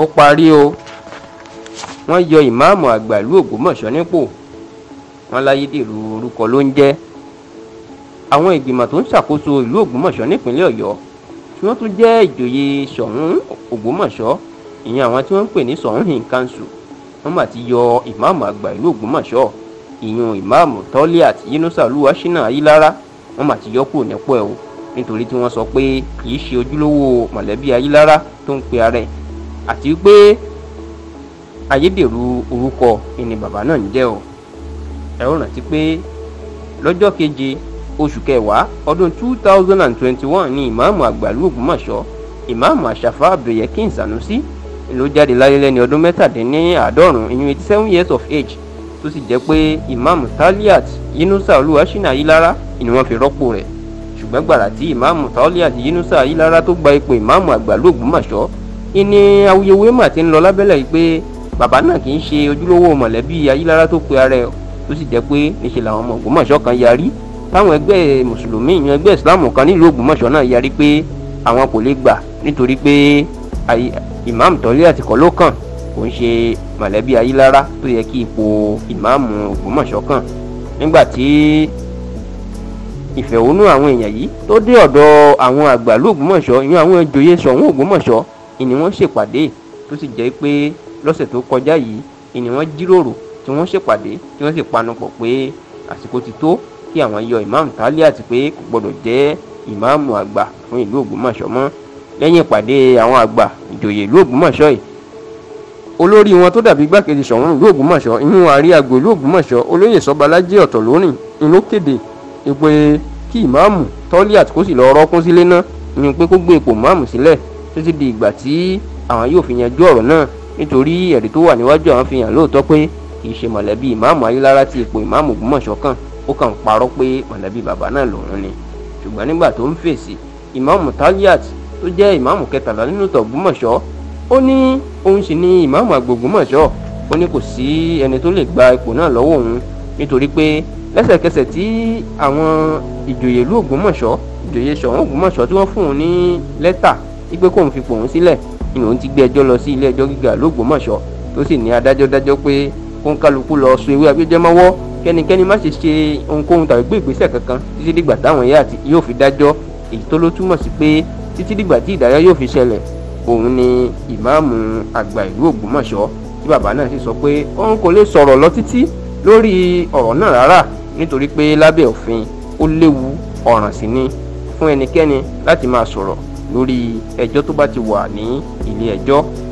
ó parí o wọ́n yọ ìmáàmù àgbà ìlú Ògbómọ̀ṣọ́ nípò wọ́n láyédèrú orúkọ ló ń jẹ́ àwọn ìgbìmọ̀ tó ń ṣàkóso ìlú Ògbómọ̀ṣọ́ nípínlẹ̀ Ọ̀yọ́ tí wọ́n tún jẹ́ ìjòyè Ṣọ̀ún Ògbómọ̀ṣọ́ ìyẹn àwọn tí wọ́n ń pè ní Ṣọ̀ún hin council wọ́n mà ti yọ ìmáàmù àgbà ìlú Ògbómọ̀ṣọ́ ìyẹn ìmáàmù Toliat Yunusa Olúwaṣínà Ayílára wọ́n mà ti yọ kúrò nípò ẹ̀ o nítorí tí wọ́n sọ pé kì í ṣe ojúlówó mọ̀lẹ́bí Ayílára tó ń pe ara ẹ̀ àti pé ayédèrú orúkọ ìní bàbá náà ń jẹ́ o ẹ ó rántí pé lọ́jọ́ keje oṣù kẹwàá ọdún two thousand and twenty one ni ìmáàmù àgbàlú Ògbómọ̀ṣọ́ ìmáàmù àṣàfà Abdulyekin Sanusi ló jáde láyé lẹ́ni ọdún mẹ́tàdínláàádọ́rùn ìyún eighty seven years of age tó sì jẹ́ pé ìmáàmù Taliat Yunusa Olúwaṣínà Ayílára ni wọ́n fi rọ́pò rẹ̀ ṣùgbọ́n gbàrà tí ìmáàmù Taliat Yunusa Ayílára tó gba ipò ìmáàmù àgbàlú Ògbómọ̀ṣọ́ ìní awuyewuye mà ti ń lọ lábẹ́lẹ̀ yìí pé bàbá náà kì í ṣe ojúlówó mọ̀lẹ́bí ayílára tó pe ara ẹ̀ tó sì jẹ́ pé níṣẹ́ làwọn ọmọ Ògbómọ̀ṣọ́ kan yarí táwọn ẹgbẹ́ mùsùlùmí ìyẹn ẹgbẹ́ ìsìláàmù kan nílùú Ògbómọ̀ṣọ́ náà yarí pé àwọn kò lè gbà nítorí pé ìmáàmù tọ́lé àtìkọ́ ló kàn kò ń ṣe mọ̀lẹ́bí ayílára tó yẹ kí ipò ìmáàmù Ògbómọ̀ṣọ́ kàn nígbà tí ìfẹ̀hónú àwọn èèyàn yìí tó dé ọ̀dọ̀ àwọn àgbàlú Ògbómọ̀ṣọ́ ìyẹn àwọn ìjòyè Ṣọ̀ún Ògbómọ̀ṣọ́ ìní wọ́n ṣèpàdé tó sì jẹ́ pé lọ́sẹ̀ tó kọjá yìí ìní wọ́n jíròrò tí wọ́n ṣèpàdé tí wọ́n sì panupọ̀ pé àsìkò ti tó kí àwọn yọ imam Taliat pé kò gbọdọ̀ jẹ́ ìmáàmù àgbà fún ìlú Ògbómọ̀ṣọ́ mọ́ lẹ́yìn ìpàdé àwọn àgbà ìjòyè ìlú Ògbómọ̀ṣọ́ yìí olórí wọn tó dàbí igbákejì Ṣọ̀ún ìlú Ògbómọ̀ṣọ́ inú àrí àgbò ìlú Ògbómọ̀ṣọ́ olóyè Sọ́balájí Ọ̀tọ̀lórìn inú kéde pé kí ìmáàmù Taliat kó sì lọ́ọ́ rọ́kún sílé náà ni pé kó gbé ipò máàmù sílẹ̀ títí di ìgbà tí àwọn yóò fi yanjú ọ̀rọ̀ náà nítorí ẹ̀rí tó wà níwájú àwọn fi hàn lóòótọ́ pé kì í ṣe mọ̀lẹ́bí ìmáàmù ayélára ti ipò ìmáàmù Ògbómọ̀ṣọ́ kan ó kàn ń parọ́ pé mọ̀lẹ́bí bàbá náà lòun ni ṣùgbọ́n nígbà tó ń fèsì ìmáàmù Taliat tó jẹ́ ìmáàmù kẹtàlá nínú tògbómọ̀ṣọ́ ó ní òun sì ni ìmáàmù àgbògbómọ̀ṣọ́ ó ní kò sí ẹni tó lè gba ipò náà lọ́wọ́ òun nítorí pé lẹ́sẹ̀kẹsẹ̀ tí àwọn ìjòyè ìlú Ògbómọ̀ṣọ́ ìjòyè Ṣọ̀ún Ògbómọ̀ṣọ́ tí wọ́n fún òun ní lẹ́tà wípé kóun fipò òun sílẹ̀ ni òun ti gbé ẹjọ́ lọ sí ilé ẹjọ́ gíga lógbómọ̀ṣọ́ tó sì ní adájọ́ dájọ́ pé kóun kálukú lọ so ewé abíjẹ́ mọ́wọ́ kẹ́nikẹ́ni má ṣe ṣe ohunkóhun tàbí gbé ìgbésẹ̀ kankan títí dìgbà táwọn ẹ̀yà yóò fi dájọ́ èyí tó ló túmọ̀ sí pé títí dìgbà tí ìdájọ́ yóò fi ṣẹlẹ̀ òun ni ìmáàmù àgbà ìlú ògbómọ̀ṣọ́ tí bàbá náà sì sọ pé òun kò lè sọ̀rọ̀ lọ títí lórí ọ̀rọ̀ náà rárá nítorí pé lábẹ́ òfin ó léwu ọ̀ràn sí ni fún ẹnikẹ́ni láti máa sọ̀rọ̀ lórí ẹjọ́ tó bá ti wà ní ilé ẹjọ́. E